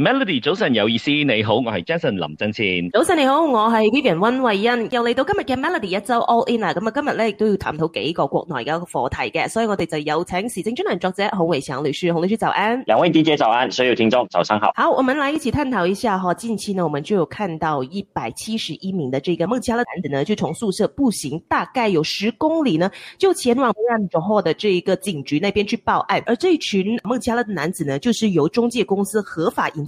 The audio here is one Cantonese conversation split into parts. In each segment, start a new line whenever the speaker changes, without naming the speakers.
Melody，早晨有意思，你好，我是 Jason 林振先。早
晨你好，我是 Vivian 溫慧欣，又嚟到今日嘅 Melody 一周 All In 啦。咁啊，今日咧亦都要探討幾個國內嘅一個課題嘅，所以我哋就有請時政專欄作者洪偉祥律師，洪律師早安。兩位
DJ 早安，所有聽眾早上好。
好，我們來一起探討一下哈，近期呢，我們就有看到一百七十一名的這個孟加勒男子呢，就從宿舍步行大概有十公里呢，就前往 b a n g 的這一個警局那邊去報案。而這一群孟加勒男子呢，就是由中介公司合法引，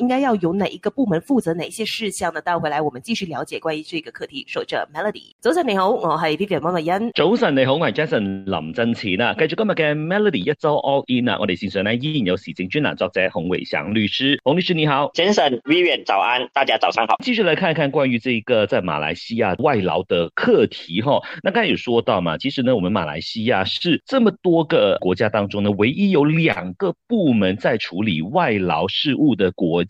應該要由哪一個部門負責哪些事項呢？倒回來，我們繼續了解關於這個課題。守着 Melody，早晨你好，我係 Vivian 王偉恩。
早晨你好，我係 Jason 林振前啊。繼續今日嘅 Melody 一周 All In 啊，我哋線上呢，依然有時政專欄作者洪偉祥律師。洪律師你好，Jason Vivian 早安，大家早上好。繼續來看一看關於這一個在馬來西亞外勞的課題哈。那剛才有說到嘛，其實呢，我們馬來西亞是這麼多個國家當中呢，唯一有兩個部門在處理外勞事務的國家。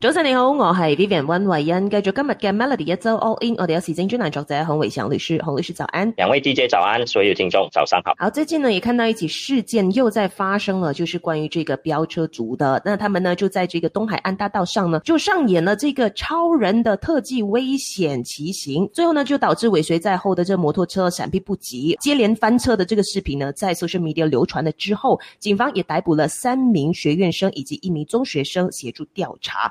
早晨你好，我係 Vivian 溫慧欣，繼續今日嘅 Melody 一周 All In，我哋有時政專欄作者洪偉祥律師，洪律師早安。
兩位 DJ 早安，所有聽眾早上好。
好，最近呢也看到一起事件又在發生了，就是關於這個飆車族的，那他們呢就在這個東海岸大道上呢就上演了這個超人的特技危險騎行，最後呢就導致尾隨在後的這摩托車閃避不及，接連翻車的這個視頻呢在 social media 流傳了之後，警方也逮捕了三名學院生以及一名中學生協助調查。